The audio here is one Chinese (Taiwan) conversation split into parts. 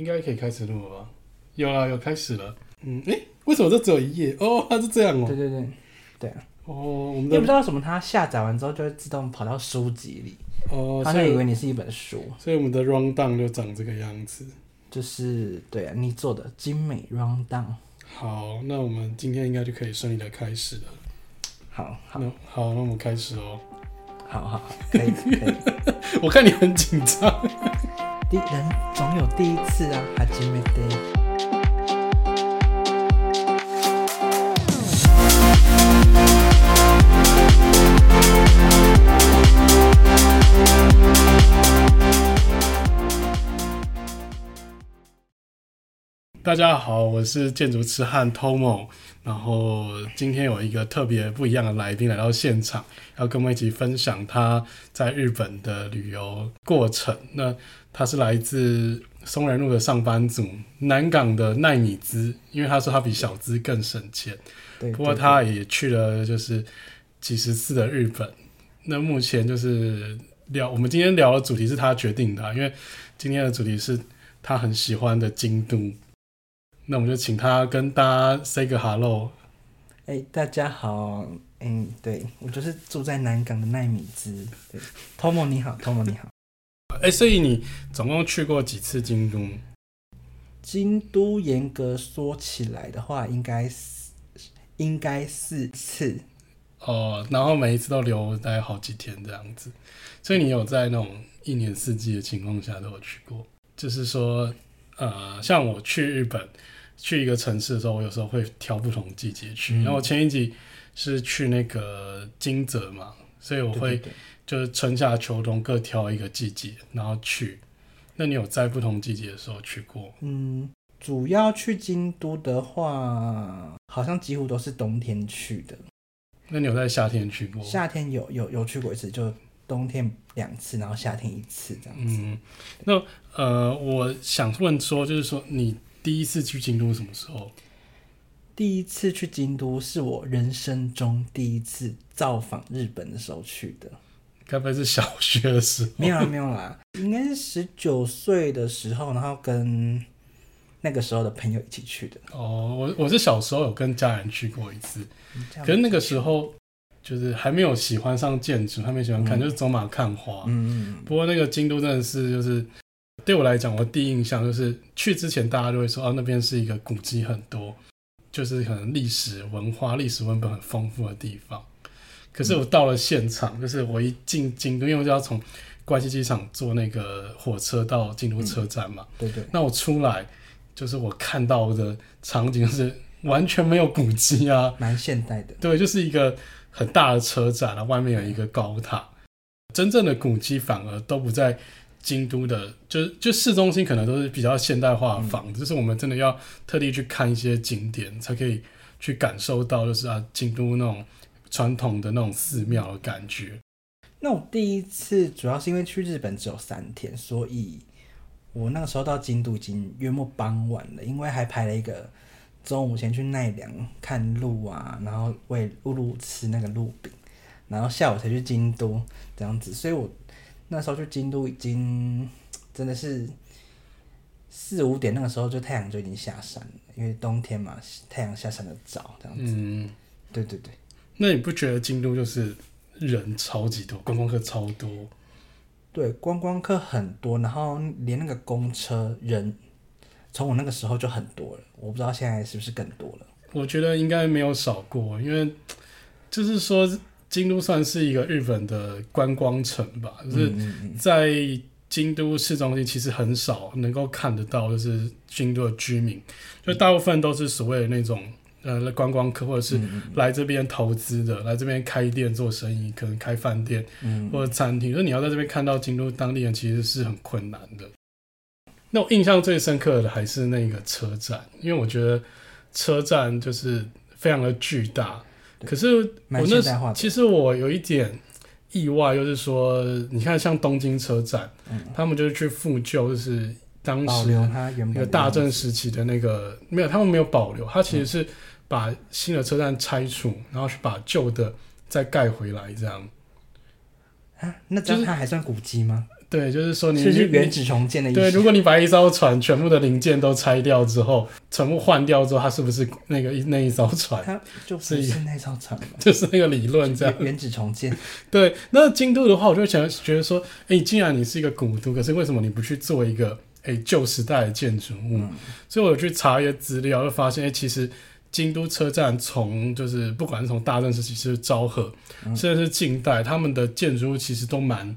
應該可以開始錄了吧？有啊，有開始了。嗯、欸、為什麼這只有一頁？哦、oh，它是這樣哦、喔。對對對，對、啊。哦、oh，我們的也不知道什麼，它下載完之後就會自動跑到書籍裡。哦，它就以為你是一本書。所以，所以我們的 rundown 就長這個樣子。就是對啊，你做的精美 rundown。好，那我們今天應該就可以順利的開始了。好，好，那，好那我們開始哦。好好好，可以可以。 我看你很緊張。人總有第一次啊，還記沒。大家好，我是建築痴漢 Tomo，然後今天有一個特別不一樣的來賓來到現場，要跟我們一起分享他在日本的旅遊過程。那。他是來自松仁路的上班族，南港的奈米茲，因為他說他比小資更省錢。對，對，不過他也去了就是幾十次的日本。那目前就是聊，我們今天聊的主題是他決定的，因為今天的主題是他很喜歡的京都。那我們就請他跟大家 say 個 hello。哎，大家好，嗯、欸，對我就是住在南港的奈米茲。對，Tomo 你好，Tomo 你好。 誒，所以你總共去過幾次京都？京都嚴格說起來的話，應該四，應該四次。哦，然後每一次都留待好幾天這樣子。所以你有在那種一年四季的情況下都有去過？就是說，呃，像我去日本，去一個城市的時候，我有時候會挑不同季節去。嗯。然後我前一集是去那個金澤嘛，所以我會對對對。就是春夏秋冬各挑一個季節，然後去。那你有在不同季節的時候去過？嗯，主要去京都的話，好像幾乎都是冬天去的。那你有在夏天去過？夏天有有有去過一次，就冬天兩次，然後夏天一次這樣子。嗯，那呃，我想問說，就是說你第一次去京都什麼時候？第一次去京都是我人生中第一次造訪日本的時候去的。該不會是小學的時候？沒有啦，啊，沒有啦，啊，應該是十九歲的時候，然後跟那個時候的朋友一起去的。哦，我我是小時候有跟家人去過一次，嗯，可是那個時候就是還沒有喜歡上建築，還沒喜歡看，嗯，就是走馬看花。嗯嗯，不過那個京都真的是，就是對我來講，我第一印象就是去之前大家都會說，啊，那邊是一個古蹟很多，就是可能歷史文化、歷史文本很豐富的地方。可是我到了現場，嗯、就是我一進京都，因為我就要從關西機場坐那個火車到京都車站嘛。嗯、對，對對。那我出來，就是我看到的場景就是完全沒有古蹟啊，蠻、啊、現代的。對，就是一個很大的車站了，然後外面有一個高塔。嗯、真正的古蹟反而都不在京都的，就是就市中心可能都是比較現代化的房子、嗯。就是我們真的要特地去看一些景點，才可以去感受到，就是啊，京都那種。傳統的那種寺廟的感覺。那我第一次主要是因為去日本只有三天，所以我那個時候到京都已經約莫傍晚了。因為還排了一個中午前去奈良看鹿啊，然後餵鹿鹿吃那個鹿餅，然後下午才去京都這樣子。所以我那時候去京都已經真的是四五點，那個時候就太陽就已經下山了，因為冬天嘛，太陽下山的早這樣子。嗯，對對對。那你不覺得京都就是人超級多，觀光客超多？對，觀光客很多，然後連那個公車人，從我那個時候就很多了，我不知道現在是不是更多了。我覺得應該沒有少過，因為就是說京都算是一個日本的觀光城吧，就是在京都市中心其實很少能夠看得到，就是京都的居民，就大部分都是所謂的那種。呃，觀光客或者是來這邊投資的、嗯嗯，來這邊開店做生意，可能開飯店、嗯、或者餐廳，所以你要在這邊看到京都當地人其實是很困難的。那我印象最深刻的還是那個車站，因為我覺得車站就是非常的巨大。可是我那其實我有一點意外，就是說你看像東京車站，嗯、他們就是去復舊，就是當時有個大正時期的那個沒有，他們沒有保留，他其實是。把新的車站拆除，然後去把舊的再蓋回來，這樣啊？那這樣它還算古蹟嗎、就是？對，就是說你原址重建的意思。對，如果你把一艘船全部的零件都拆掉之後，全部換掉之後，它是不是那個那一艘船？它就是那艘船是就是那個理論這樣。原址重建。對，那京都的話，我就想覺得說，哎、欸，既然你是一個古都，可是為什麼你不去做一個哎舊、欸、時代的建築物、嗯？所以我有去查一些資料，就發現哎、欸，其實。京都車站從就是不管是從大正時期，是昭和，嗯、甚至是近代，他們的建築物其實都蠻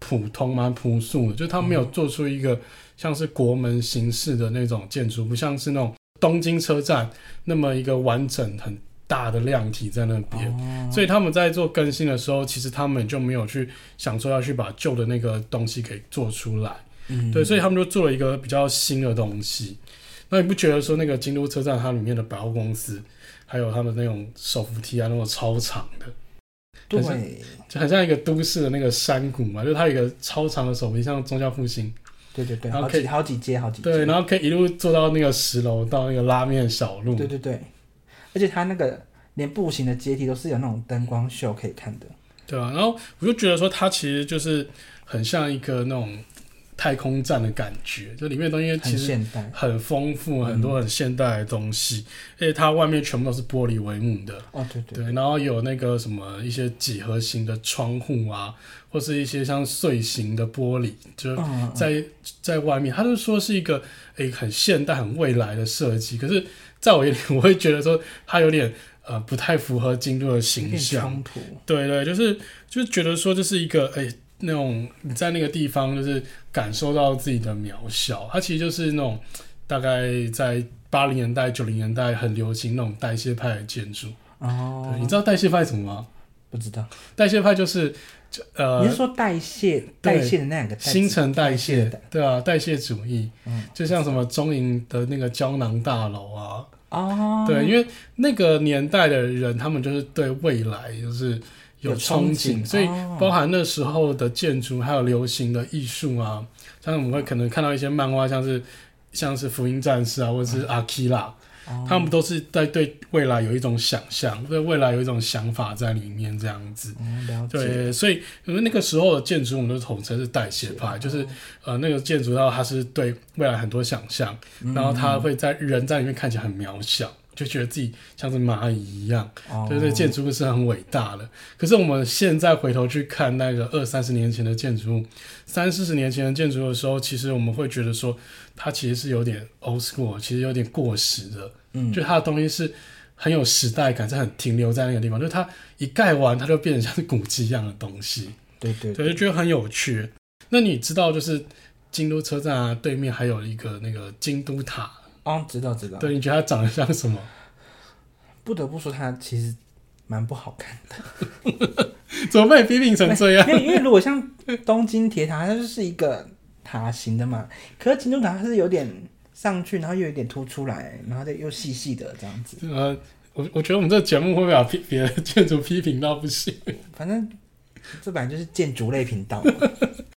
普通，蠻樸素的，就是，他們沒有做出一個像是國門形式的那種建築，嗯，不像是那種東京車站那麼一個完整很大的量體在那邊，哦。所以他們在做更新的時候，其實他們就沒有去想說要去把舊的那個東西給做出來，嗯。對，所以他們就做了一個比較新的東西。那你不覺得說那個京都車站它裡面的百貨公司，還有它們那種手扶梯啊，那種超長的，對，就很像一個都市的那個山谷嘛，就它有一個超長的手扶梯，像宗教復興，對對對，然後可以好幾階好幾，街好幾街對，然後可以一路坐到那個十樓到那個拉麵小路，對，對對對，而且它那個連步行的階梯都是有那種燈光秀可以看的，對啊，然後我就覺得說它其實就是很像一個那種，太空站的感覺，就裡面東西其實很豐富很，很多很現代的東西、嗯，而且它外面全部都是玻璃帷幕的。哦，對對，對，對，然後有那個什麼一些幾何形的窗戶啊，或是一些像碎形的玻璃，就在、哦、在，在外面。他就是說是一個誒、欸、很現代很未來的設計，可是在我眼裡，我會覺得說它有點呃不太符合京都的形象。對，對對，就是就覺得說這是一個誒、欸、那種在那個地方就是。感受到自己的渺小，它其實就是那種大概在八零年代、九零年代很流行那種代謝派的建築。哦，你知道代謝派是什麼嗎？不知道，代謝派就是就呃，你是說代謝、代謝的那兩個新陳代謝，對代謝，代謝？對啊，代謝主義，嗯、就像什麼中銀的那個膠囊大樓啊。哦，對，因為那個年代的人，他們就是對未來就是。有憧憬，有憧憬。哦，所以包含那時候的建築，還有流行的藝術啊、哦，像我們會可能看到一些漫畫，像是像是福音戰士啊，或者是阿基拉，他們都是在對未來有一種想象，對、嗯、未來有一種想法在裡面，這樣子，嗯。了解。對，所以因為那個時候的建築，我們都統稱是代謝派，嗯、就是、哦、呃，那個建築它它是對未來很多想象、嗯，然後它會在人在裡面看起來很渺小。嗯嗯就覺得自己像是螞蟻一樣，就、oh. 是建築物是很偉大的。可是我們現在回頭去看那個二三十年前的建築物，三四十年前的建築的時候，其實我們會覺得說，它其實是有點 old school，其實有點過時的。嗯，就它的東西是很有時代感，是很停留在那個地方。就它一蓋完，它就變成像是古蹟一樣的東西。對對,對,對就覺得很有趣。那你知道，就是京都車站啊，對面還有一個那個京都塔。哦、oh，知道知道。對，你覺得他長得像什麼？不得不說，他其實蠻不好看的。 怎麼被批評成這樣？因 為因為如果像東京鐵塔，它就是一個塔型的嘛。可是晴空塔它是有點上去，然後又有點凸出來，然後又又細細的這樣子。呃，我我覺得我們這個節目會不會把別的建築批評到不行。反正這本來就是建築類頻道。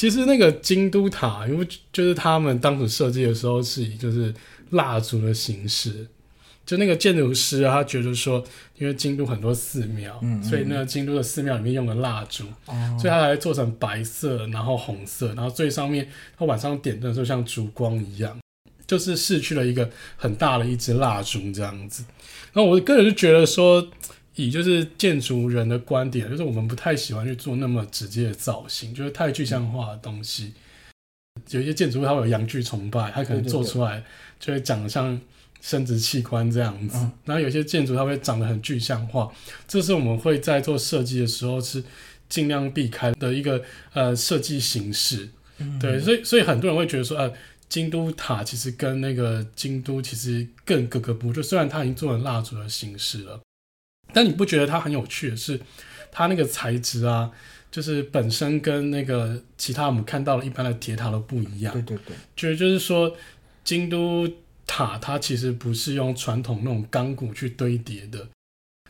其實那個京都塔，因為就是他們當時設計的時候是以就是蠟燭的形式，就那個建築師啊，他覺得說，因為京都很多寺廟，嗯嗯，所以那個京都的寺廟裡面用的蠟燭、哦，所以他才做成白色，然後紅色，然後最上面他晚上點燈的時候像燭光一樣，就是失去了一個很大的一支蠟燭這樣子。那我個人就覺得說。以就是建築人的觀點，就是我們不太喜歡去做那麼直接的造型，就是太具象化的東西。嗯、有一些建築它會有陽具崇拜，它可能做出來就會長得像生殖器官這樣子。嗯、然後有些建築它會長得很具象化，這是我們會在做設計的時候是盡量避開的一個呃設計形式、嗯。對，所以所以很多人會覺得說，呃，京都塔其實跟那個京都其實更格格不入，就雖然它已經做成蠟燭的形式了。那你不覺得它很有趣的是，它那個材質啊，就是本身跟那個其他我們看到的一般的鐵塔都不一樣。嗯、對對對，就是就是說，京都塔它其實不是用傳統那種鋼骨去堆疊的，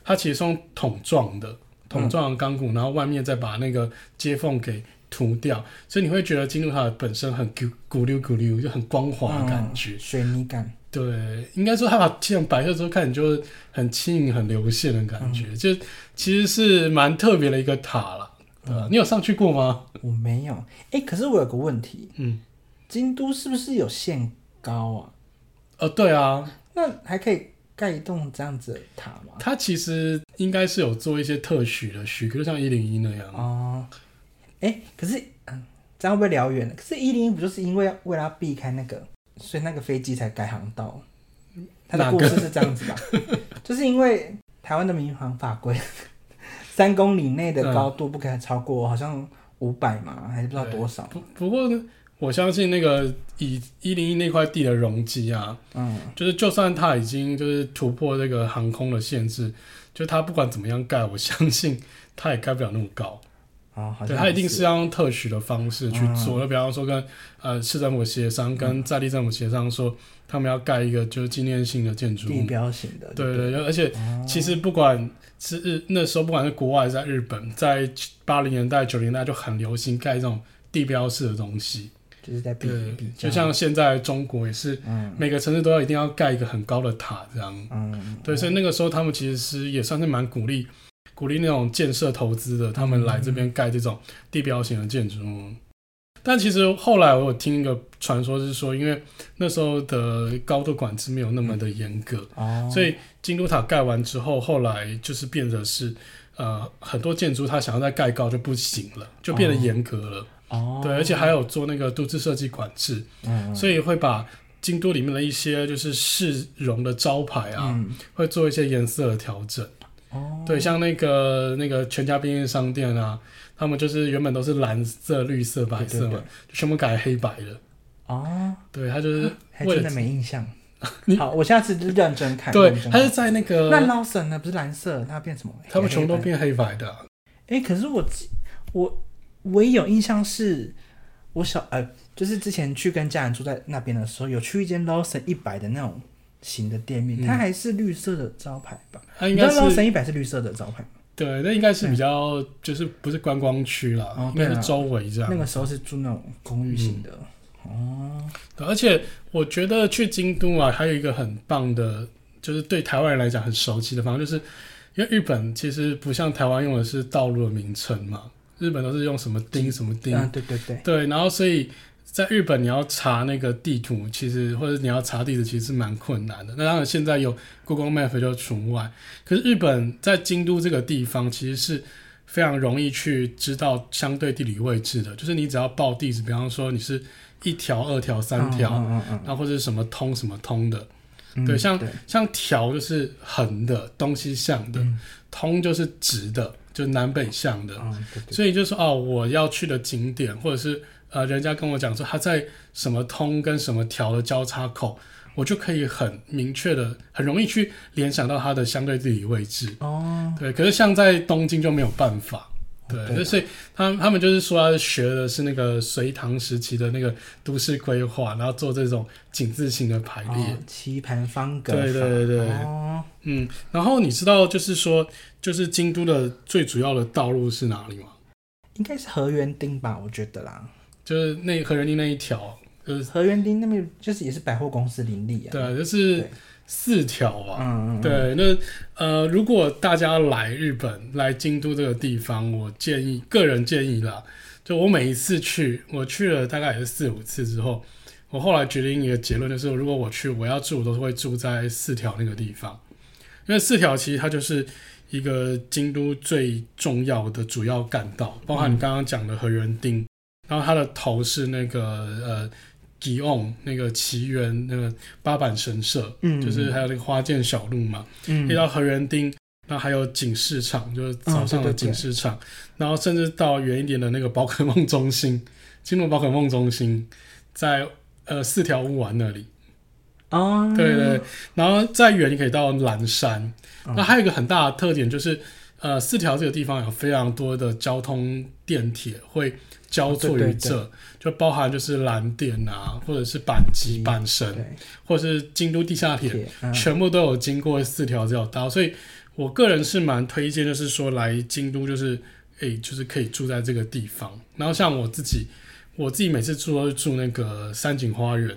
它其實是用筒狀的筒狀的鋼骨、嗯，然後外面再把那個接縫給塗掉，所以你會覺得京都塔本身很咕咕,咕溜咕溜，就很光滑感覺，水、嗯、泥感。對，應該說它把漆成白色之後，看你就很輕盈、很流線的感覺，嗯、就其實是蠻特別的一個塔了。嗯對，你有上去過嗎？我沒有。哎、欸，可是我有個問題，嗯，京都是不是有限高啊？哦、呃，對啊，那還可以蓋一棟這樣子的塔嗎？它其實應該是有做一些特許的許可，就像一零一那樣啊。哎、嗯欸，可是這樣會不會聊遠了？可是一零一不就是因為要為了要避開那個？所以那個飛機才改航道，它的故事是這樣子吧？ 就是因為台灣的民航法規，三公里內的高度不可以超過、嗯、好像五百嘛，還是不知道多少。不，不過呢，我相信那個以一零一那塊地的容積啊，嗯，就是就算他已經就是突破這個航空的限制，就他不管怎麼樣蓋，我相信他也蓋不了那麼高。哦、對，他一定是要用特許的方式去做，就、嗯、比方說跟呃市政府協商，跟在地政府協商說，說、嗯、他們要蓋一個就是紀念性的建築，地標性的。對對，對、嗯，而且其實不管是日那時候，不管是國外，還是在日本，在八零年代、九零年代就很流行蓋這種地標式的東西，就是在比，就像現在中國也是，每個城市都要一定要蓋一個很高的塔這樣。嗯。對，所以那個時候他們其實是也算是蠻鼓勵。鼓勵那種建設投資的，他們來這邊蓋這種地標型的建築物、嗯。但其實後來我有聽一個傳說，說，是說因為那時候的高度管制沒有那麼的嚴格、嗯，所以京都塔蓋完之後，後來就是變得是呃很多建築它想要再蓋高就不行了，就變得嚴格了，哦、嗯，對，而且還有做那個都市設計管制、嗯，所以會把京都裡面的一些就是市容的招牌啊，嗯、會做一些顏色的調整。哦， 對，像那個那個全家便利商店啊，他們就是原本都是藍色、綠色、白色的對對對就全部改黑白了。哦，對他就是還真的沒印象。 好，我下次就認真看。 對，他、那個、是在那個那 Lawson 呢？不是藍色，他變什麼？他們全都變黑白的、啊。哎、欸，可是我我我唯一有印象是，我小呃就是之前去跟家人住在那邊的時候，有去一間 Lawson 一百的那種。型的店面、嗯，它還是綠色的招牌吧？它應你知道一百是綠色的招牌嗎？對，那應該是比較、嗯、就是不是觀光區了，那、哦、應該是周圍這樣。那個時候是住那種公寓型的、嗯、哦。而且我覺得去京都啊，還有一個很棒的，就是對台灣人來講很熟悉的方，反正就是因為日本其實不像台灣用的是道路的名稱嘛，日本都是用什麼丁什麼丁、嗯，對對對對，對，然後所以。在日本，你要查那個地圖，其實或者你要查地址，其實蠻困難的。那當然，現在有 Google Map 就除外。可是日本在京都這個地方，其實是非常容易去知道相對地理位置的。就是你只要報地址，比方說你是一條、二條、三條、嗯，然後或者是什麼通什麼通的，嗯、對，像、對、像條就是橫的東西向的、嗯，通就是直的，就南北向的。嗯、對對對，所以就是說哦，我要去的景點或者是。呃，人家跟我講說他在什麼通跟什麼條的交叉口，我就可以很明確的、很容易去聯想到它的相對地理位置。哦，對。可是像在東京就沒有辦法。對，哦、對，所以他們他們就是說他是學的是那個隋唐時期的那個都市規劃，然後做這種井字形的排列，棋盤方格。對對，對對對。哦。嗯，然後你知道就是說，就是京都的最主要的道路是哪裡嗎？應該是河原町吧，我覺得啦。就是那河原町那一條，就是河原町那邊，就是也是百貨公司林立啊。對啊，就是四條啊。嗯，嗯嗯。對，那呃，如果大家來日本，來京都這個地方，我建議，個人建議啦，就我每一次去，我去了大概也是四五次之後，我後來決定一個結論，就是如果我去，我要住，我都是會住在四條那個地方，因為四條其實它就是一個京都最重要的主要幹道，包括你剛剛講的河原町。嗯然後他的頭是那個呃吉翁那個祇園那個八坂神社、嗯，就是還有那個花見小路嘛，嗯、可以到河原町，那還有錦市場，就是早上的錦市場、哦對對，然後甚至到遠一點的那個寶可夢中心，金木寶可夢中心在呃四條烏丸那裡哦。對對，然後再遠你可以到嵐山，那、哦、還有一個很大的特點就是。呃，四條這個地方有非常多的交通電鐵會交錯於這，哦、就包含就是嵐電啊，或者是阪急阪神，或者是京都地下鐵、啊，全部都有經過四條這條道。所以我個人是蠻推薦，就是說來京都，就是誒，就是可以住在這個地方。然後像我自己，我自己每次住都住那個山景花園，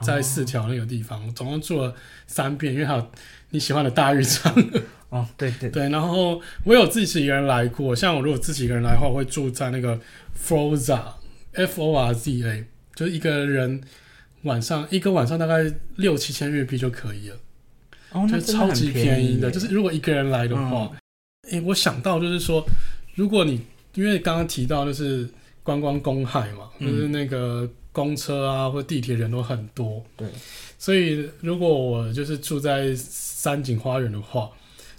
在四條那個地方，哦、我總共住了三遍，因為還有你喜歡的大浴場。嗯哦，對對對，對，然後我有自己一個人來過，像我如果自己一個人來的話，我會住在那個 Forza F O R Z A，就是一個人晚上一個晚上大概六七千日幣就可以了，哦，就超級那真便宜的，就是如果一個人來的話，哦、誒，我想到就是說，如果你因為剛剛提到就是觀光公害嘛，嗯、就是那個公車啊或地鐵人都很多，對，所以如果我就是住在三井花園的話。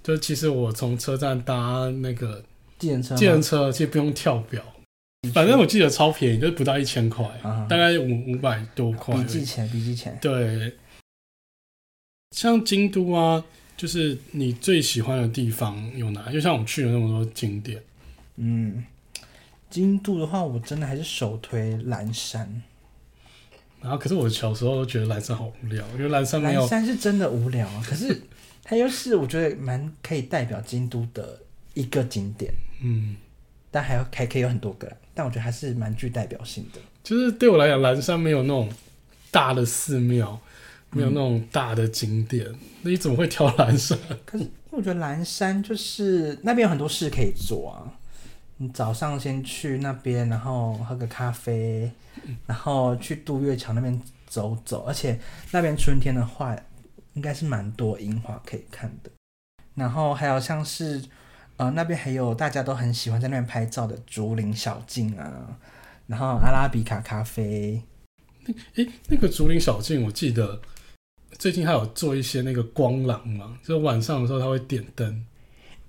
就其實我從車站搭那個電車，電車其實不用跳表，反正我記得超便宜，就是，不到一千塊，啊，大概五五百多塊。比之前，比之前。對，像京都啊，就是你最喜歡的地方有哪？就像我們去了那麼多景點，嗯，京都的話，我真的還是首推嵐山。然，啊，後，可是我小時候覺得嵐山好無聊，因為嵐山沒有，嵐山是真的無聊啊。可是。 它又是我覺得蠻可以代表京都的一個景點，嗯，但還有還可以有很多個，但我覺得還是蠻具代表性的。就是對我來講，嵐山沒有那種大的寺廟，沒有那種大的景點，那、嗯、你怎麼會挑嵐山？可是我覺得嵐山就是那邊有很多事可以做啊。你早上先去那邊，然後喝個咖啡，然後去渡月橋那邊走走，而且那邊春天的話。應該是蠻多櫻花可以看的，然後還有像是，呃，那邊還有大家都很喜歡在那邊拍照的竹林小徑啊，然後阿拉比卡咖啡。哎，欸，那個竹林小徑，我記得最近還有做一些那個光廊嘛，就晚上的時候他會點燈。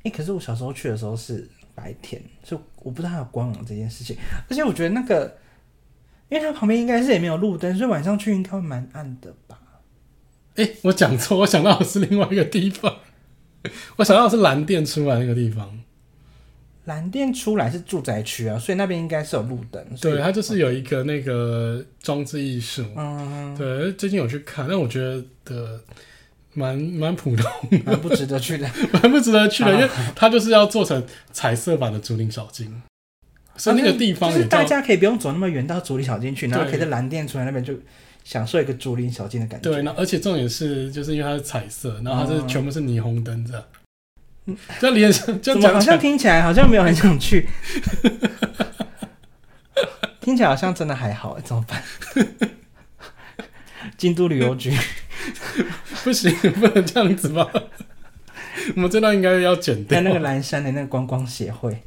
欸，可是我小時候去的時候是白天，就我不知道還有光廊這件事情，而且我覺得那個，因為它旁邊應該是也沒有路燈，所以晚上去應該會蠻暗的吧。哎、欸，我講錯，我想到的是另外一個地方，我想到的是嵐電出來那個地方。嵐電出來是住宅區啊，所以那邊應該是有路燈。對，它就是有一個那個裝置藝術，嗯，對，最近有去看，但我覺得的蠻蠻普通，蠻不值得去的，蠻不值得去的，因為它就是要做成彩色版的竹林小徑，啊，所以那個地方也、就是、大家可以不用走那麼遠到竹林小徑去，然後可以在嵐電出來那邊就。享受一個竹林小徑的感覺。對，那而且重點是，就是因為它是彩色，然後它是全部是霓虹燈這樣。嗯、哦，這就聯想，好像聽起來好像沒有很想去， 聽起來好像真的還好、欸，怎麼辦？ 京都旅遊局 不行，不能這樣子吧？ 我們這段應該要剪掉。在那,那個嵐山的、欸、那個觀光協會。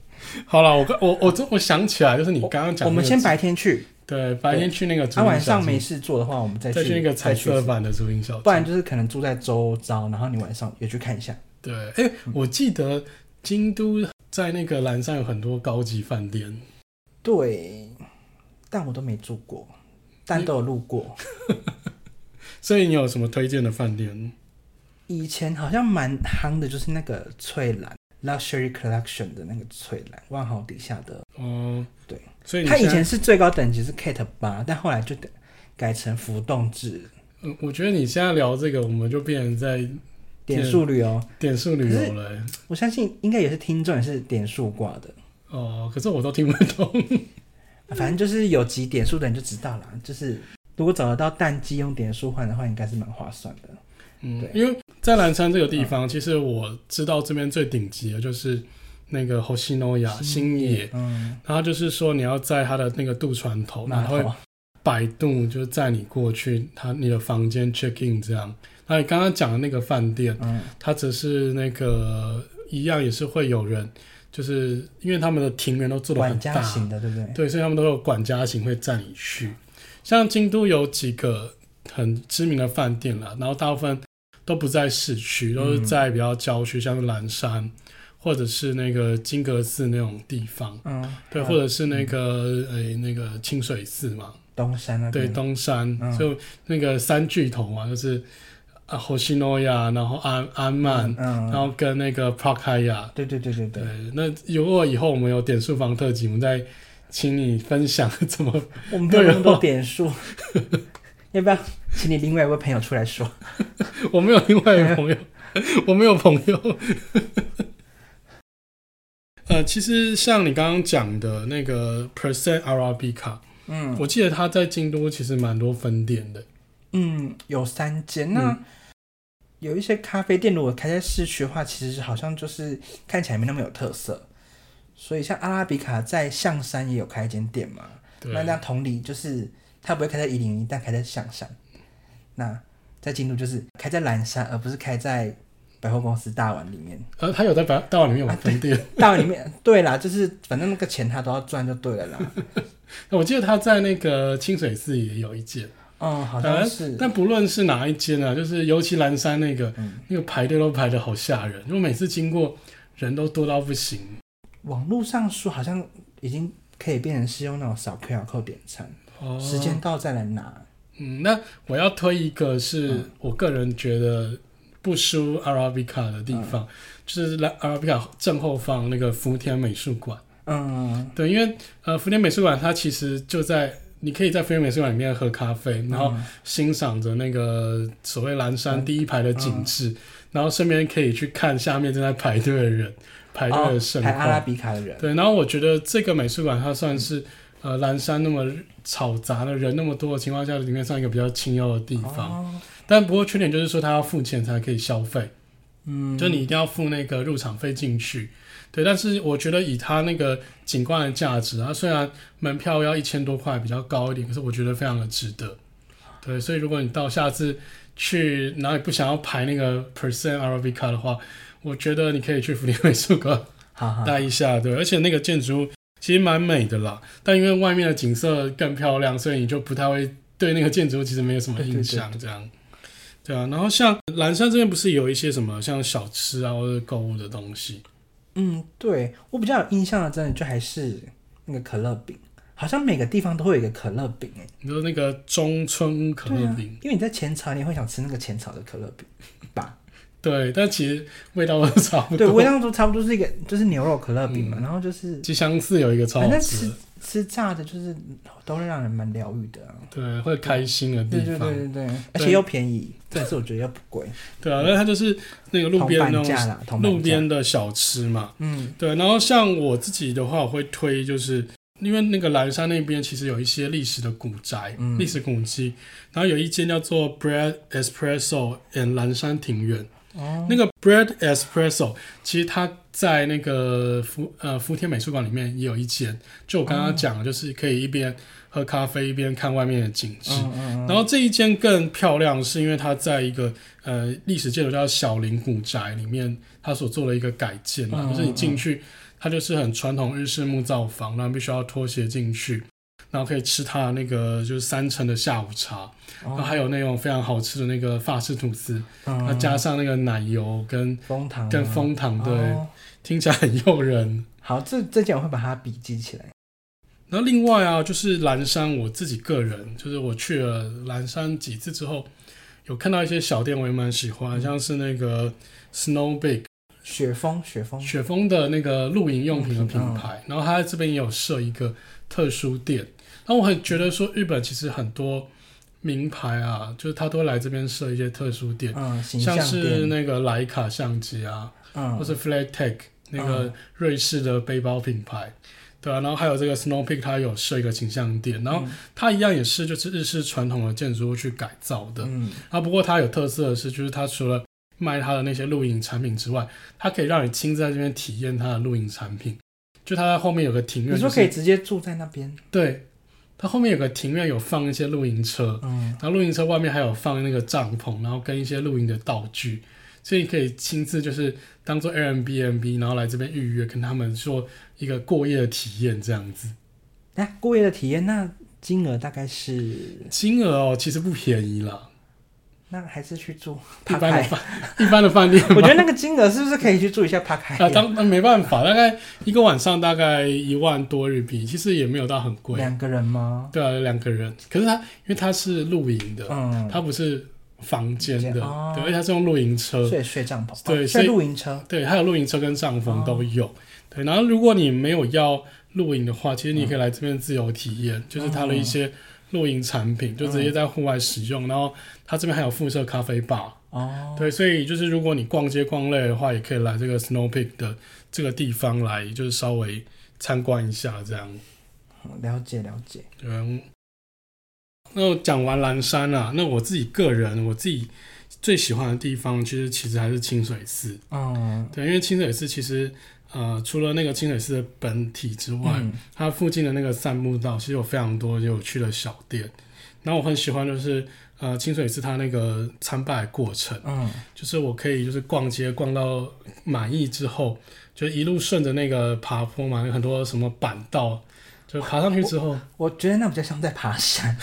好了，我我我我我想起來，就是你剛剛講的，我們先白天去。對，白天去那個。他、啊、晚上沒事做的話，我們再去那個彩色版的竹林小。不然就是可能住在周遭，然後你晚上也去看一下。對，哎、嗯，我記得京都在那個嵐山有很多高級飯店。對，但我都沒住過，但都有路過。 所以你有什麼推薦的飯店？以前好像蠻夯的，就是那個翠嵐 （Luxury Collection） 的那個翠嵐萬豪底下的嗯、哦，對。所以你現在他以前是最高等級是 Cat 8，但後來就得改成浮動制。嗯，我覺得你現在聊這個，我們就變成在點數旅遊、點數旅遊了、欸。我相信應該也是聽眾也是點數掛的哦，可是我都聽不懂。反正就是有集點數的人就知道了、嗯，就是如果找得到淡季用點數換的話，應該是蠻划算的。嗯，對，因為在嵐山這個地方、嗯，其實我知道這邊最頂級的就是。那個西亞星野，野，新野、嗯，然後就是說你要在他的那個渡船頭，頭然後擺渡就載你過去，他你的房間 check in 這樣。那你剛剛講的那個飯店，嗯，它只是那個一樣也是會有人，就是因為他們的庭園都做的很大，型的對不對？對，所以他們都有管家型會載你去。像京都有幾個很知名的飯店了，然後大部分都不在市區，都是在比較郊區，嗯、像是南山。或者是那個金閣寺那種地方，嗯，對，或者是那個、嗯、那個清水寺嘛，東山啊，對，嗯、東山、嗯，就那個三巨頭嘛，就是，侯西諾亞，Hoshinoia, 然後安安、啊啊啊、曼嗯，嗯，然後跟那個帕卡亞，對對對對對,對,對，那如果以後我們有點數房特輯，我們再請你分享怎麼我們沒有那麼多點數， 要不要請你另外一位朋友出來說？ 我沒有另外一個朋友， 我沒有朋友。 呃，其實像你剛剛講的那個 Percent Arabica，嗯，我記得他在京都其實蠻多分店的，嗯，有三間。那、嗯、有一些咖啡店如果開在市區的話，其實好像就是看起來沒那麼有特色。所以像阿拉比卡在象山也有開一間店嘛，那那同理就是他不會開在一零一，但開在象山。那在京都就是開在嵐山，而不是開在。百貨公司大碗裡面，呃、啊，他有在百大碗裡面有分店，啊，大碗裡面，對啦，就是反正那個錢他都要賺就對了啦。 我記得他在那個清水寺也有一間，嗯，哦，好像是。呃、但不論是哪一間啊，就是尤其嵐山那個，嗯、那個排隊都排得好嚇人，因為每次經過人都多到不行。網絡上說好像已經可以變成是用那種掃 Q R 點餐，哦、時間到再來拿。嗯，那我要推一個是我個人覺得、嗯。不輸阿拉比卡的地方，嗯、就是阿拉比卡正後方那個福田美術館。嗯，對，因為呃，福田美術館它其實就在，你可以在福田美術館裡面喝咖啡，然後欣賞着那個所謂嵐山第一排的景致，嗯嗯、然後順便可以去看下面正在排隊的人、嗯、排隊的盛、哦、排阿拉比卡的人。對，然後我覺得這個美術館它算是、嗯、呃嵐山那麼吵雜的人那麼多的情況下裡面算一個比較清幽的地方。哦但不過缺點就是說，他要付錢才可以消費，嗯，就你一定要付那個入場費進去，對。但是我覺得以他那個景觀的價值啊，雖然門票要一千多塊比較高一點，可是我覺得非常的值得，對。所以如果你到下次去哪裡不想要排那個 %Arabica 的話，我覺得你可以去福田美術館好好待一下，對。而且那個建築其實蠻美的啦，但因為外面的景色更漂亮，所以你就不太會對那個建築物其實沒有什麼印象，這樣。對對對對對啊，然後像嵐山這邊不是有一些什麼像小吃啊或者購物的東西？嗯，對我比較有印象的真的就還是那個可樂餅，好像每個地方都會有一個可樂餅誒，你、就、說、是、那個中村可樂餅？對啊，因為你在淺草，你會想吃那個淺草的可樂餅，吧？對，但其實味道都差不多。對，我這差不多是一個，就是牛肉可樂餅嘛、嗯，然後就是吉祥寺有一個超好。反、欸、正吃吃炸的，就是都會讓人蠻療癒的、啊。對，會開心的地方。對對對對，對而且又便宜對對，但是我覺得又不貴。對啊，那它就是那個路邊的路邊的小吃嘛。嗯，對。然後像我自己的話，我會推就是因為那個嵐山那邊其實有一些歷史的古宅、歷、嗯、史古蹟，然後有一間叫做 Bread Espresso and 嵐山庭園。哦，那個 bread espresso，其實它在那個福呃福田美術館裡面也有一間，就我剛剛講的就是可以一邊喝咖啡一邊看外面的景致。嗯嗯嗯嗯。然後這一間更漂亮，是因為它在一個呃歷史建築叫小林古宅裡面，它所做了一個改建嘛，就是你進去，它就是很傳統日式木造房，然後必須要脫鞋進去。然後可以吃它那個就是三層的下午茶，哦，然後還有那種非常好吃的那個法式吐司，它，哦，加上那個奶油跟楓糖，啊、跟楓糖對，哦，聽起來很誘人。好，這這件我會把它筆記起來。然後另外啊，就是嵐山我自己個人，就是我去了嵐山幾次之後，有看到一些小店我也蠻喜歡，像是那個 Snow Peak 雪峰雪峰雪峰的那個露營用品的品牌，嗯、然後它這邊也有設一個特殊店。那我很覺得說，日本其實很多名牌，啊，就是他都會來這邊設一些特殊店，嗯，形象店，像是那個徠卡相機啊、嗯，或是 Flat Tech 那個瑞士的背包品牌，嗯，對啊，然後還有這個 Snow Peak，它有設一個形象店，然後它一樣也是就是日式傳統的建築物去改造的，嗯，啊，不過它有特色的是，就是它除了賣它的那些露營產品之外，它可以讓你親自在這邊體驗它的露營產品，就它在後面有個庭院，就是，你說可以直接住在那邊，對。它後面有個庭院，有放一些露營車，嗯，然後露營車外面還有放那個帳篷，然後跟一些露營的道具，所以你可以親自就是當做 Airbnb，然後來這邊預約，跟他們做一個過夜的體驗這樣子。哎、啊，過夜的體驗，那金額大概是？金額哦，其實不便宜啦。那還是去住一般的飯一般的飯店。 我覺得那個金額是不是可以去住一下 Snow Peak 啊？當啊沒辦法，大概一個晚上大概一萬多日幣，其實也沒有到很貴。兩個人嗎？對啊，兩個人。可是他因為他是露營的，嗯，他不是房間的房間、哦，對，而且他是用露營車睡睡帳篷，對，啊、睡露營車，對，還有露營車跟帳篷都有、嗯。對，然後如果你沒有要露營的話，其實你可以來這邊自由體驗、嗯，就是他的一些。嗯露營產品就直接在戶外使用、嗯，然後它這邊還有附設咖啡吧哦，對，所以就是如果你逛街逛累的話，也可以來這個 Snow Peak 的這個地方來，就是稍微參觀一下這樣。了、嗯、解了解。嗯，那講完嵐山了。啊，那我自己個人我自己最喜歡的地方，其實其實還是清水寺。嗯，對，因為清水寺其實。呃，除了那個清水寺的本體之外，嗯，它附近的那個散步道其實有非常多有趣的小店。那我很喜歡就是，呃，清水寺它那個參拜的過程，嗯，就是我可以就是逛街逛到滿意之後，就一路順着那個爬坡嘛，有很多什麼板道。就爬上去之後我，我覺得那比較像在爬山，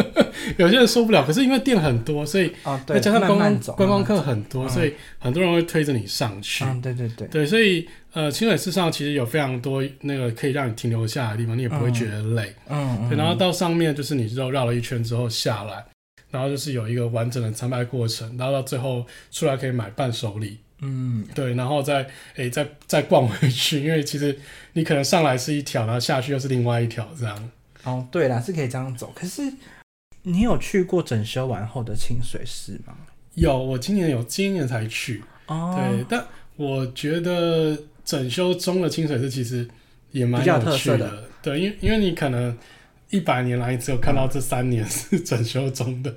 有些人受不了。可是因為店很多，所以啊、哦，對，加上觀光觀光客、啊、很多、嗯，所以很多人會推着你上去、嗯。對對對，對，所以呃，清水寺上其實有非常多那個可以讓你停留下來的地方，你也不會覺得累。嗯，對，然後到上面就是你知道繞了一圈之後下來、嗯嗯，然後就是有一個完整的參拜過程，然後到最後出來可以買伴手禮。嗯，對，然後再誒，再再逛回去，因為其實你可能上來是一條，然後下去又是另外一條，這樣。哦，對啦，是可以這樣走。可是你有去過整修完後的清水寺嗎？有，我今年有，今年才去。哦。對，但我覺得整修中的清水寺其實也蠻有趣的。的對，因為因為你可能一百年來你只有看到這三年是整修中的。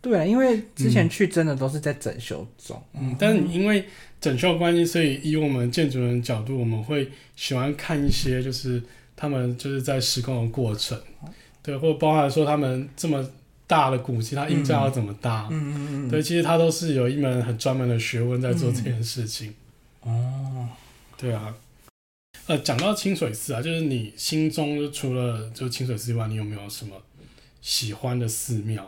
對啊，因為之前去真的都是在整修中。嗯，嗯，但因為整修的關係，所以以我們建築人角度，我們會喜歡看一些，就是他們就是在施工的過程，對，或包含說他們這麼大的古蹟，他印象要怎麼搭，嗯，對，其實他都是有一門很專門的學問在做這件事情。哦、嗯，對啊，呃，講到清水寺啊，就是你心中除了就清水寺以外，你有沒有什麼喜歡的寺廟？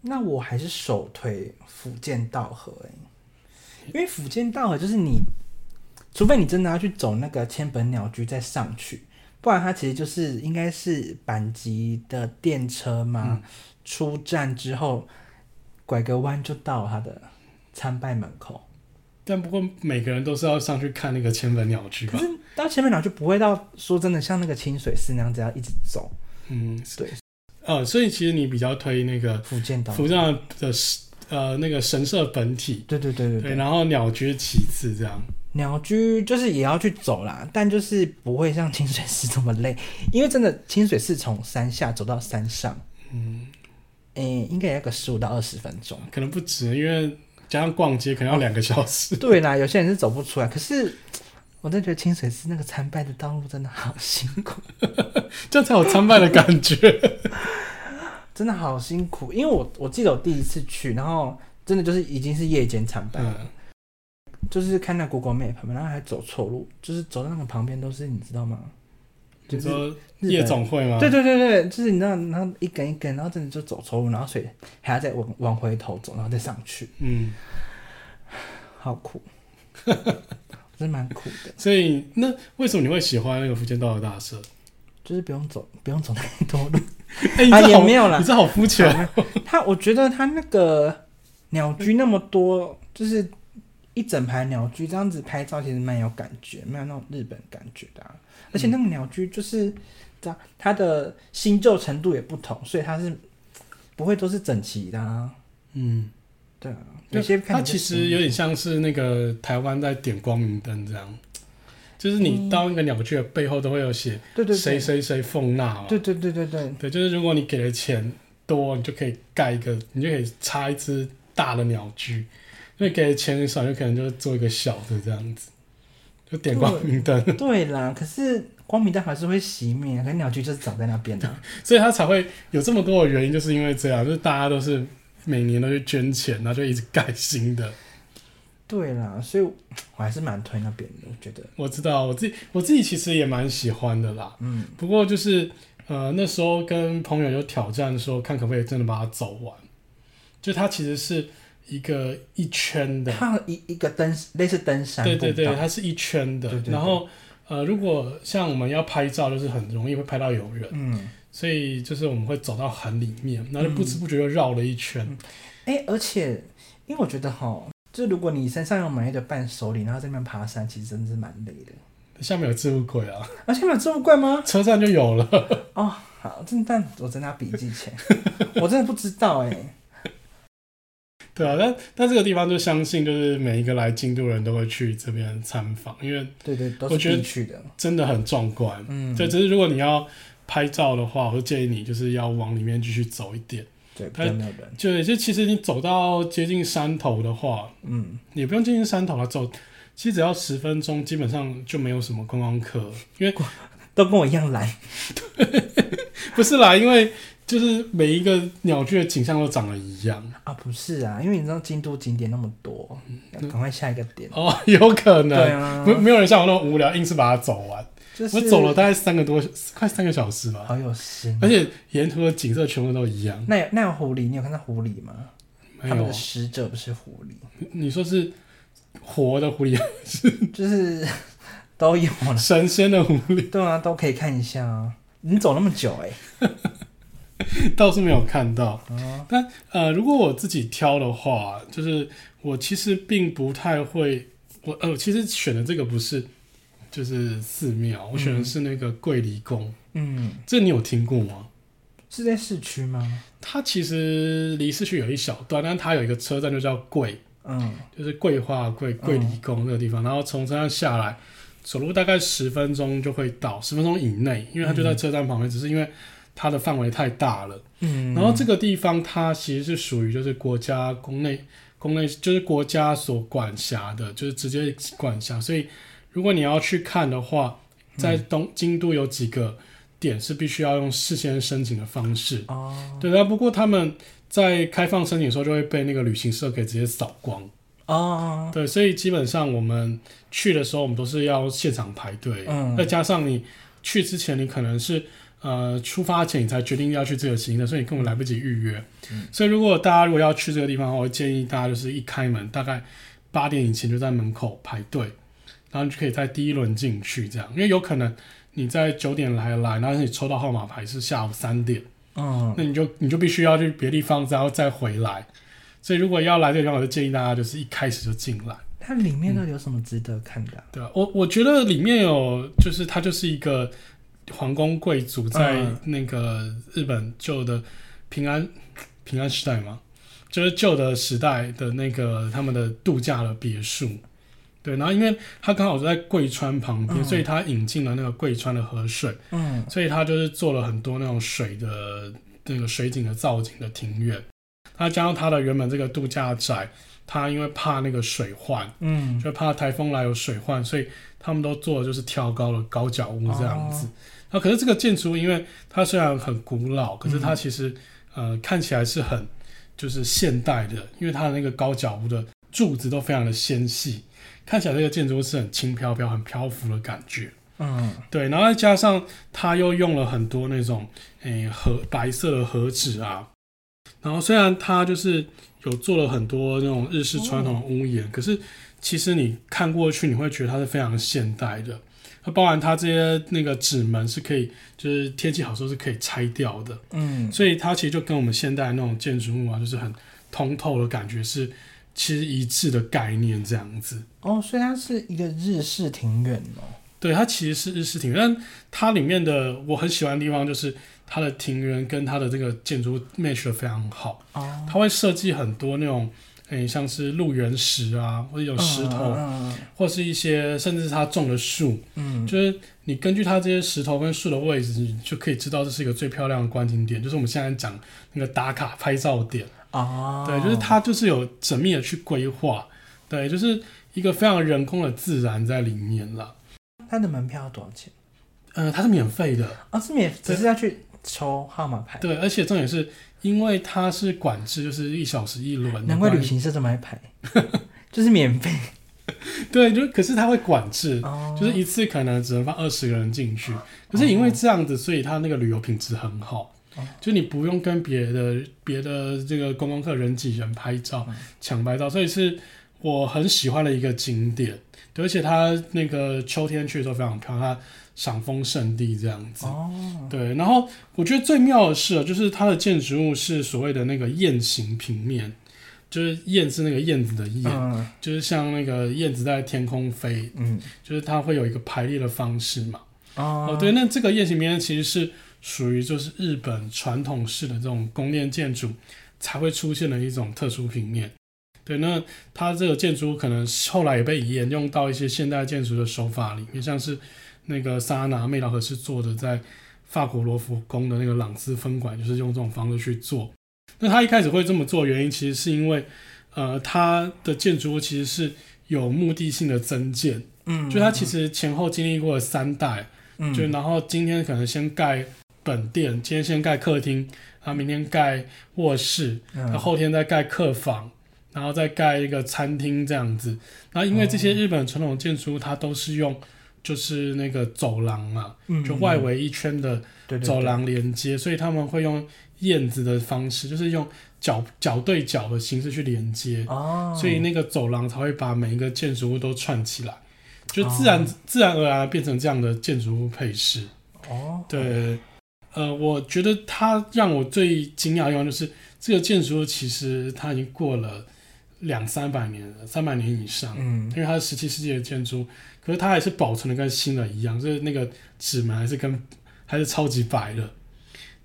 那我還是首推伏見稻荷、欸、因為伏見稻荷就是你，除非你真的要去走那個千本鳥居再上去，不然它其實就是應該是阪急的電車嘛、嗯，出站之後拐個彎就到它的參拜門口。但不過每個人都是要上去看那個千本鳥居吧？可是到千本鳥居不會到，說真的，像那個清水寺那樣子要一直走。嗯，對。呃、嗯，所以其實你比較推那個伏見的伏見的神呃那個神社本體，對對對對對,對,對，然後鳥居其次這樣。鳥居就是也要去走啦，但就是不會像清水寺這麼累，因為真的清水寺從山下走到山上，嗯嗯、欸，應該也要個十五到二十分鐘，可能不止，因為加上逛街可能要兩個小時、嗯。對啦，有些人是走不出來，可是。我真的覺得清水寺那個參拜的道路真的好辛苦， 這才有參拜的感覺， 真的好辛苦。因為我我記得我第一次去，然後真的就是已經是夜間參拜了、嗯，就是看那 Google Map，然後還走錯路，就是走在那個旁邊都是，你知道嗎？就是你說夜總會嗎？對對對對，就是你知道，然後一根一根，然後真的就走錯路，然後所以還要再往往回頭走，然後再上去，嗯，好苦。 是蠻苦的，所以那為什麼你會喜歡那個伏見稻荷大社？就是不用走，不用走太多路。哎、欸，啊、也沒有啦，你這好膚淺。他，我覺得他那個鳥居那麼多，嗯、就是一整排鳥居這樣子拍照，其實蠻有感覺，蠻有那種日本感覺的、啊。而且那個鳥居就是，它它的新舊程度也不同，所以它是不會都是整齊的、啊。嗯。對啊，它其實有點像是那個台灣在點光明燈這樣，就是你到那個鳥居的背後都會有寫誰誰誰好好，對對誰誰誰奉納，對對對對對，對，就是如果你給的錢多，你就可以蓋一個，你就可以插一只大的鳥居，因為給的錢很少，有可能就做一個小的這樣子，就點光明燈。對,對啦，可是光明燈還是會熄滅、啊，可是鳥居就是長在那邊的，所以它才會有這麼多的原因，就是因為這樣，就是大家都是。每年都去捐錢，然後就一直蓋新的。對啦，所以我還是蠻推那邊的。我覺得我知道，我自己我自己其實也蠻喜歡的啦。嗯，不過就是呃那時候跟朋友有挑戰說，說看可不可以真的把它走完。就它其實是一個一圈的，它一一個登山類似登山，對對對，它是一圈的。對對對對。然後呃，如果像我們要拍照，就是很容易會拍到有人。嗯。所以就是我們會走到很裡面，然後就不知不覺又繞了一圈。哎、嗯嗯欸，而且因為我覺得哈，就如果你身上有滿意的伴手禮，然後在那邊爬山，其實真的是蠻累的。下面有置物櫃啊？啊，下面有置物櫃嗎？車站就有了。哦，好，真的，我真的要筆記錢， 我真的不知道哎、欸。對啊，但但這個地方就相信，就是每一個來京都人都會去這邊參訪，因為對對，我覺得真的很壯觀。嗯，對，只、就是如果你要。拍照的話，我就建議你就是要往裡面繼續走一點。對，就就其實你走到接近山頭的話，嗯，你也不用接近山頭了，啊，走，其實只要十分鐘，基本上就沒有什麼觀光客，因為都跟我一樣來。對不是啦， 因為就是每一個鳥居的景象都長得一樣啊。不是啊，因為你知道京都景點那麼多，趕、嗯、快下一個點哦，有可能，沒、啊、沒有人像我那麼無聊，是硬是把它走完。就是、我走了大概三個多，快三個小時吧。好有心、啊，而且沿途的景色全部都一樣。那有那有狐狸？你有看到狐狸嗎？沒有，他們的使者不是狐狸你你說是活的狐狸，就是都有神仙的狐狸。對啊，都可以看一下啊。你走那麼久、欸，哎， 倒是沒有看到。嗯、但呃，如果我自己挑的話，就是我其實並不太會。我呃，其實選的這個不是。就是寺廟、嗯，我選的是那個桂離宮。嗯，這你有聽過嗎？是在市區嗎？它其實離市區有一小段，但它有一個車站，就叫桂，嗯，就是桂花桂桂離宮那個地方、嗯。然後從車站下來，走路大概十分鐘就會到，十分鐘以內，因為它就在車站旁邊、嗯。只是因為它的範圍太大了，嗯，然後這個地方它其實是屬於就是國家宮內宮內，內就是國家所管轄的，就是直接管轄，所以。如果你要去看的話，在京都有幾個點是必須要用事先申請的方式。哦、嗯，對，不過他們在開放申請的時候就會被那個旅行社給直接掃光。哦、嗯，對，所以基本上我們去的時候，我們都是要現場排隊。嗯，再加上你去之前，你可能是呃出發前你才決定要去這個景點，所以你根本來不及預約、嗯。所以如果大家如果要去這個地方，我會建議大家就是一開門大概八點以前就在門口排隊。然後你就可以在第一輪進去這樣，因為有可能你在九點來來，然後你抽到號碼牌是下午三點，哦、嗯，那你就你就必須要去別地方，然後再回來。所以如果要來這個地方，我就建議大家就是一開始就進來。它裡面都有什麼值得看的？嗯、對吧？我我覺得裡面有就是它就是一個皇宮貴族在那個日本舊的平安、嗯、平安時代嘛，就是舊的時代的那個他們的度假的別墅。對，然後因為它剛好在桂川旁邊，嗯、所以它引進了那個桂川的河水，嗯，所以它就是做了很多那種水的、那個水景的造景的庭院。它加上它的原本這個度假宅，它因為怕那個水患，嗯，就怕颱風來有水患，所以他們都做就是挑高的高腳屋這樣子。那、哦啊、可是這個建築，因為它雖然很古老，可是它其實、嗯、呃看起來是很就是現代的，因為它的那個高腳屋的柱子都非常的纖細。看起來這個建築物是很輕飄飄、很漂浮的感覺，嗯，對。然後再加上他又用了很多那種誒、欸、和白色的和紙啊，然後雖然他就是有做了很多那種日式傳統的屋檐、哦，可是其實你看過去你會覺得它是非常現代的。它包含它這些那個紙門是可以，就是天氣好時候是可以拆掉的，嗯。所以它其實就跟我們現代那種建築物啊，就是很通透的感覺是。其實一致的概念這樣子哦，所以它是一個日式庭院哦、喔。對，它其實是日式庭院，但它裡面的我很喜歡的地方就是它的庭院跟它的這個建築 match 得非常好。哦，它會設計很多那種，嗯、欸，像是路緣石啊，或者有石頭、嗯，或是一些甚至它種的樹，嗯，就是你根據它這些石頭跟樹的位置，你就可以知道這是一個最漂亮的觀景點，就是我們現在講那個打卡拍照點。哦、oh.，對，就是它，就是有縝密的去規劃，對，就是一個非常人工的自然在裡面了。它的門票要多少錢？嗯、呃，它是免費的啊，oh, 是免，只是要去抽號碼牌。對，而且重點是，因為它是管制，就是一小時一輪。難怪旅行社這麼愛排， 就是免費。 對，就可是它會管制，oh. 就是一次可能只能放二十個人進去。可、oh. 是因為這樣子，所以它那個旅遊品質很好。就你不用跟別的別的這個觀光客人擠人拍照，搶拍照，所以是我很喜歡的一個景點。而且它那個秋天去的時候非常漂亮，它賞楓勝地這樣子。對。然後我覺得最妙的是、啊，就是它的建築物是所謂的那個雁行平面，就是燕是那個燕子的燕、嗯，就是像那個燕子在天空飛，嗯，就是它會有一個排列的方式嘛。嗯、哦，對。那這個雁行平面其實是。屬於就是日本傳統式的這種宮殿建築才會出現的一種特殊平面。對，那它這個建築可能後來也被沿用到一些現代建築的手法裡面，像是那個薩納·梅勞赫是做的在法國羅浮宮的那個朗斯分館，就是用這種方式去做。那他一開始會這麼做，原因，其實是因為，呃，他的建築物其實是有目的性的增建，嗯，就他其實前後經歷過了三代，嗯，就然後今天可能先蓋。本店今天先蓋客廳，然後明天蓋臥室，嗯、然後，後天再蓋客房，然後再蓋一個餐廳這樣子。然後因為這些日本傳統建築，物，它都是用就是那個走廊嘛、啊嗯，就外圍一圈的走廊連接、嗯對對對，所以他們會用燕子的方式，就是用角角對角的形式去連接、哦，所以那個走廊才會把每一個建築物都串起來，就自然、哦、自然而然變成這樣的建築物配置。哦，對。呃，我覺得他讓我最驚訝的地方就是這個建築其實它已經過了兩三百年了，三百年以上，嗯，因為它是十七世紀的建築，可是它還是保存的跟新的一樣，就是那個紙門還是跟還是超級白的。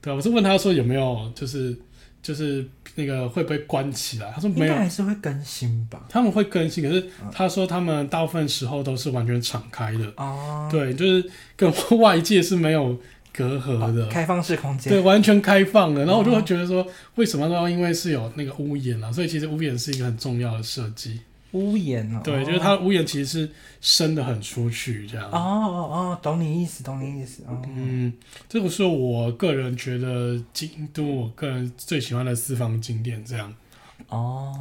對，我是問他說有沒有就是就是那個會不會關起來？他說沒有，還是會更新吧，他們會更新，可是他說他們大部分時候都是完全敞開的哦，對，就是跟外界是沒有。隔閡的、哦、開放式空間，對，完全開放的。然後我就會覺得說，為什麼呢？因為是有那個屋檐啊、哦？所以其實屋檐是一個很重要的設計。屋檐啊、哦，對，就是它的屋檐其實是伸得很出去這樣。哦哦哦，懂你意思，懂你意思。嗯，嗯這個是我個人覺得京都我個人最喜歡的私房景點這樣。哦。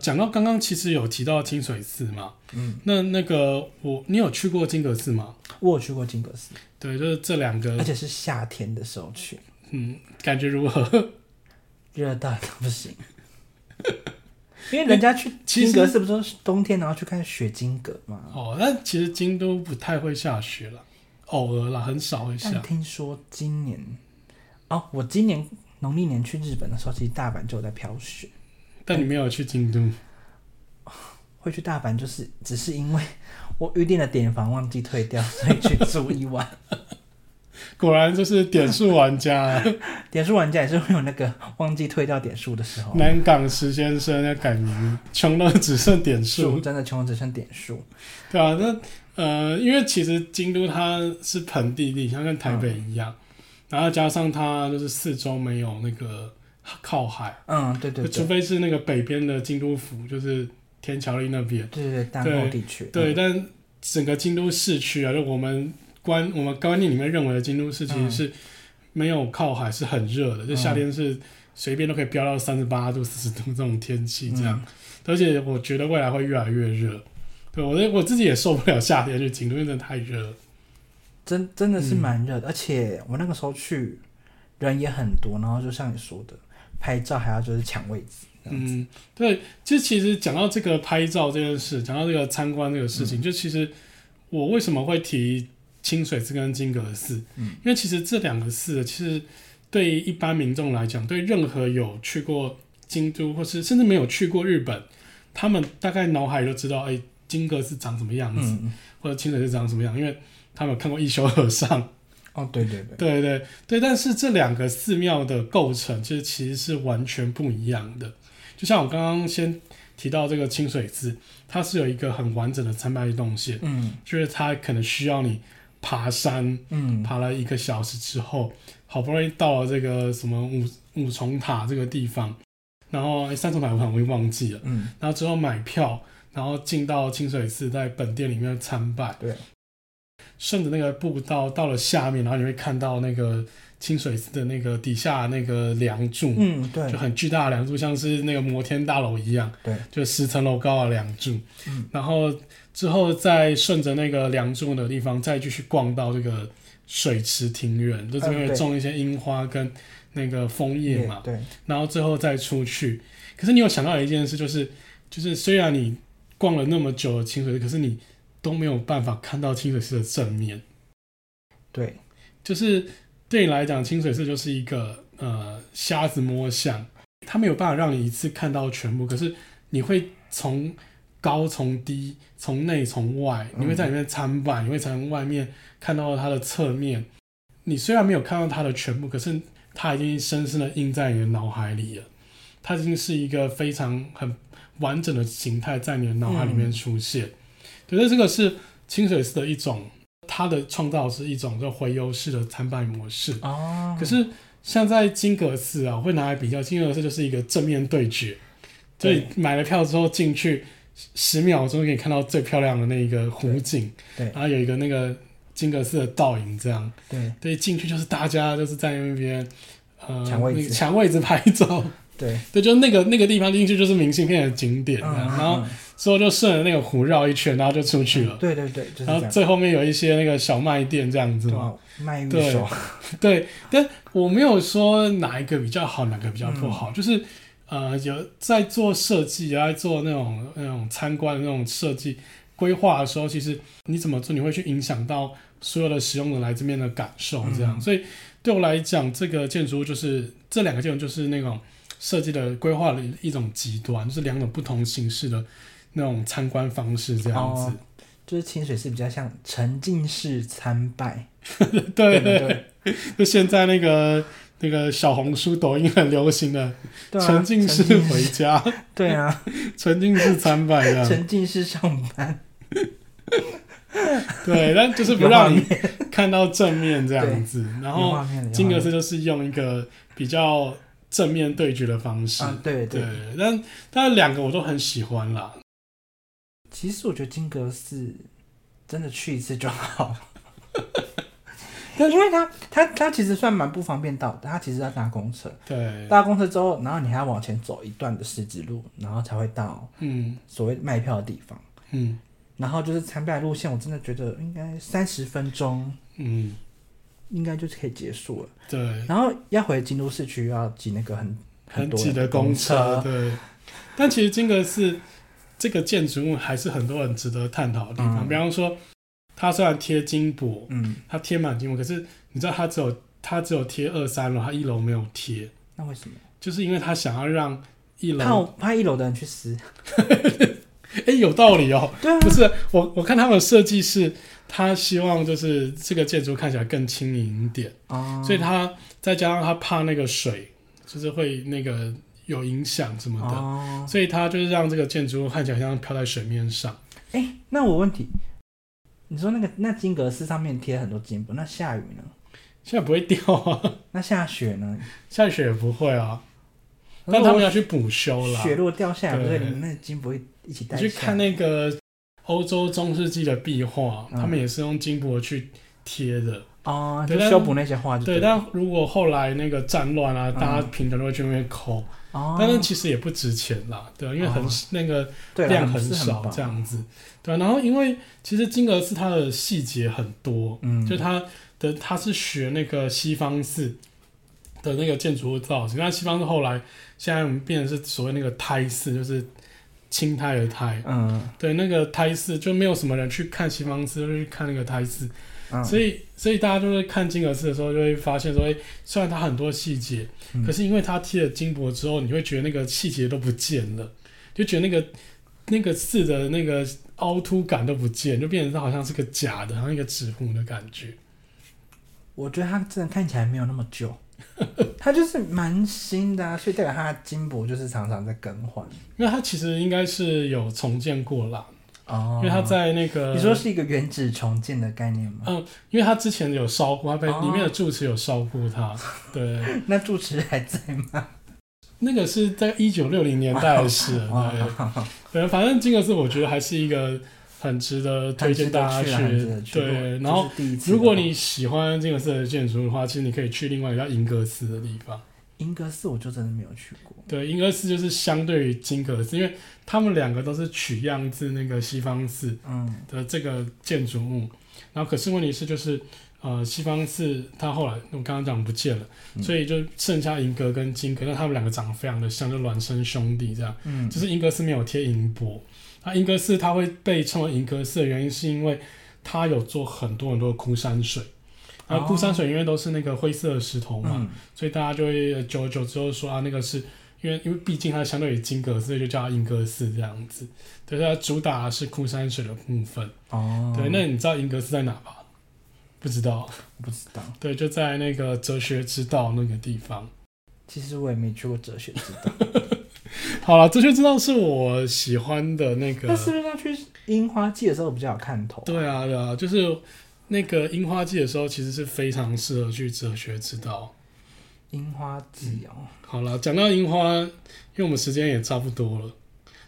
講到剛剛，其實有提到清水寺嘛？嗯，那那個我，你有去過金閣寺嗎？我有去過金閣寺，對，就是這兩個，而且是夏天的時候去，嗯，感覺如何？熱到不行， 因為人家去金閣寺不是說冬天，然後去看雪金閣嘛？哦，那其實京都不太會下雪了，偶爾啦，很少會下。聽說今年，哦，我今年農曆年去日本的時候，其實大阪就有在飄雪。但你沒有去京都，嗯、會去大阪，就是只是因為我預定的點房忘記退掉，所以去住一晚。 果然就是點數玩家、啊， 點數玩家也是會有那個忘記退掉點數的時候、啊。南港石先生要改名，窮到只剩點數，數真的窮到只剩點數，對啊。那呃，因為其實京都它是盆地地，像跟台北一樣、嗯，然後加上它就是四周沒有那個。靠海，嗯，對，對對，除非是那個北邊的京都府，就是天橋立那邊，對對，對，淡島地區，對、嗯，但整個京都市區啊，就我們關，嗯、我們觀念裡面認為的京都市區是沒有靠海、嗯，是很熱的，就夏天是隨便都可以飆到三十八度、四十度這種天氣這樣、嗯，而且我覺得未來會越來越熱，對我我自己也受不了夏天就是、京都，因為真的太熱，真真的是蠻熱的，的、嗯，而且我那個時候去人也很多，然後就像你說的。拍照還要就是搶位置，嗯，對，就其實講到這個拍照這件事，講到這個參觀這個事情、嗯，就其實我為什麼會提清水寺跟金閣寺、嗯，因為其實這兩個寺其實對於一般民眾來講，對任何有去過京都或是甚至沒有去過日本，他們大概腦海都知道，哎、欸，金閣寺長什麼樣子、嗯，或者清水寺長什麼樣，因為他們有看過一休和尚。哦、oh，對對對，對對對對對，但是這兩個寺廟的構成就是其實是完全不一樣的。就像我剛剛先提到這個清水寺，它是有一個很完整的參拜動線，嗯，就是它可能需要你爬山，嗯，爬了一個小時之後，好不容易到了這個什麼五五重塔這個地方，然後三重塔我好像會忘記了，嗯，然後之後買票，然後進到清水寺，在本殿裡面參拜，對。順着那個步道到了下面，然後你會看到那個清水寺的那個底下那個樑柱，嗯，對，就很巨大的樑柱，像是那個摩天大樓一樣，對，就十層樓高的樑柱。嗯，然後之後再順着那個樑柱的地方，再繼續逛到這個水池庭院，就是會種一些櫻花跟那個楓葉嘛，嗯，對。然後最後再出去，可是你有想到的一件事，就是就是雖然你逛了那麼久的清水寺，可是你。都沒有辦法看到清水寺的正面，對，就是對你來講，清水寺就是一個呃瞎子摸象，它沒有辦法讓你一次看到全部。可是你會從高從低從內從外，你會在裡面參拜，嗯，你會從外面看到它的側面。你雖然沒有看到它的全部，可是它已經深深的印在你的腦海裡了。它已經是一個非常很完整的形態，在你的腦海裡面出現。嗯覺得這個是清水寺的一種，它的創造是一種叫回遊式的參拜模式。哦，可是像在金閣寺啊，我會拿來比較，金閣寺就是一個正面對決，所以買了票之後進去十秒鐘就可以看到最漂亮的那個湖景，然後有一個那個金閣寺的倒影，這樣，對，所以進去就是大家就是在那邊呃搶位置，搶那個位置拍照。對對，就那個那個地方，進去就是明信片的景點，嗯、然後之後就順着那個湖繞一圈，然後就出去了。嗯、對對對、就是。然後最後面有一些那個小賣店這樣子。對。賣嘛。對。但我沒有說哪一個比較好，嗯、哪個比較不好，就是呃，有在做設計，有在做那種那種參觀的那種設計規劃的時候，其實你怎麼做，你會去影響到所有的使用者來這邊的感受這樣。嗯、所以對我來講，這個建築物就是這兩個建築就是那種。設計的規劃了一種極端，就是兩種不同形式的那種參觀方式，這樣子。哦。就是清水寺比較像沉浸式參拜， 對對、對、對，就現在那個那個小紅書、抖音很流行的對、啊、沉浸式、沉浸式回家，對啊，沉浸式參拜的， 沉浸式上班， 對，但就是不讓你看到正面這樣子。 然後金閣寺就是用一個比較。正面對決的方式，嗯、啊，對對，對，對，但但兩個我都很喜歡啦。其實我覺得金閣寺真的去一次就好， 因為因為它它它其實算蠻不方便到的，它其實要搭公車，對，搭公車之後，然後你還要往前走一段的石子路，然後才會到嗯所謂賣票的地方，嗯，然後就是參拜路線，我真的覺得應該三十分鐘，嗯。應該就是可以結束了。對，然後要回京都市區，要擠那個很很擠的公車、公車。對， 但其實金閣寺這個建築物還是很多人值得探討的地方、嗯。比方說，它雖然貼金箔，嗯，它貼滿金箔，可是你知道它只有它只有貼二三樓，它一樓沒有貼。那為什麼？就是因為他想要讓一樓怕、怕一樓的人去撕。哎、 欸，有道理哦、喔。對不、啊就是我，我看他們的設計是。他希望就是這個建築看起來更輕盈一點，哦、所以他再加上他怕那個水就是會那個有影響什麼的，哦，所以他就是讓這個建築看起來像漂在水面上。哎、欸，那我問題，你說那個那金閣寺上面貼很多金箔，那下雨呢？下雨不會掉啊。那下雪呢？下雪也不會啊。但他們要去補修了。雪如果掉下來，那金不會一起帶？你去看那個。歐洲中世紀的壁畫、嗯，他們也是用金箔去貼的啊、嗯，就修補那些畫。對，但如果後來那個戰亂啊、嗯，大家平常都會去那邊摳、嗯，但是其實也不值錢啦，對，因為很、哦、那個量很少這樣子。對，然後因為其實金閣寺它的細節很多，嗯，就它的它是學那個西方式的那個建築物造型，那西方的後來現在我們變成是所謂那個泰式，就是。青苔的苔，嗯，對，那個苔寺，就沒有什麼人去看西芳寺，去看那個苔寺，嗯，所以，所以大家都會看金閣寺的時候，就會發現說，哎，雖然它很多細節，嗯，可是因為它貼了金箔之後，你會覺得那個細節都不見了，就覺得那個那個字的那個凹凸感都不見，就變成好像是個假的，然後一個紙糊的感覺。我覺得它真的看起來沒有那麼舊。 它就是蠻新的、啊，所以代表它的金箔就是常常在更換。因為它其實應該是有重建過啦，哦、因為它在那個、嗯、你說是一個原址重建的概念嗎？嗯，因為它之前有燒過，它被裡面的住持有燒過它。哦、對， 那住持還在嗎？那個是在一九六零年代的事。呃、哦哦，反正金閣寺我覺得還是一個，很值得推薦大家去,去，對。然後、就是，如果你喜歡金閣寺的建築的話，其實你可以去另外一個銀閣寺的地方。銀閣寺我就真的沒有去過。對，銀閣寺就是相對於金閣寺，因為它們兩個都是取樣自那個西芳寺，的這個建築物、嗯。然後，可是問題是就是，呃，西芳寺它後來我剛剛講不見了，所以就剩下銀閣跟金閣那、嗯、他們兩個長得非常的像，就孿生兄弟這樣。嗯、就是銀閣寺沒有貼銀箔。啊，銀閣寺它會被稱為銀閣寺，原因是因為它有做很多很多的枯山水。哦、啊，枯山水因為都是那個灰色的石頭嘛，嗯、所以大家就會久久之後說啊，那個是因為因為畢竟它相對於金閣寺，所以就叫銀閣寺這樣子。對，它主打的是枯山水的部分。哦。對，那你知道銀閣寺在哪吧？不知道，不知道。 對，就在那個哲學之道那個地方。其實我也沒去過哲學之道。 好了，哲學之道是我喜歡的那個。那是不是要去櫻花季的時候比較有看頭？啊？對啊，對啊，就是那個櫻花季的時候，其實是非常適合去哲學之道。櫻花季哦。嗯、好了，講到櫻花，因為我們時間也差不多了，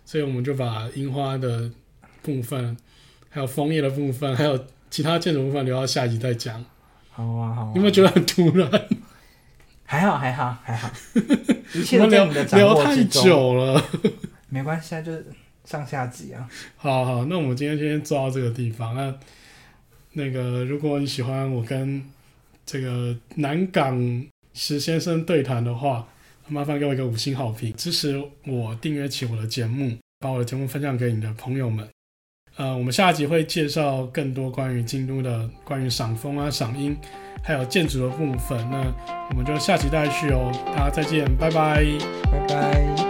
所以我們就把櫻花的部分，還有楓葉的部分，還有其他建築部分留到下一集再講。好啊，好啊，你有沒有覺得很突然。 還好，還好，還好，一切都 聊，聊太久了， 沒關係啊，就是上下集啊。好好，那我們今天先做到這個地方。那那個，如果你喜歡我跟這個南港石先生對談的話，麻煩給我一個五星好評，支持我訂閱起我的節目，把我的節目分享給你的朋友們。呃，我們下一集會介紹更多關於京都的，關於賞楓啊、賞櫻。還有建築的部分，那我們就下期再續哦，大家再見，拜拜，拜拜。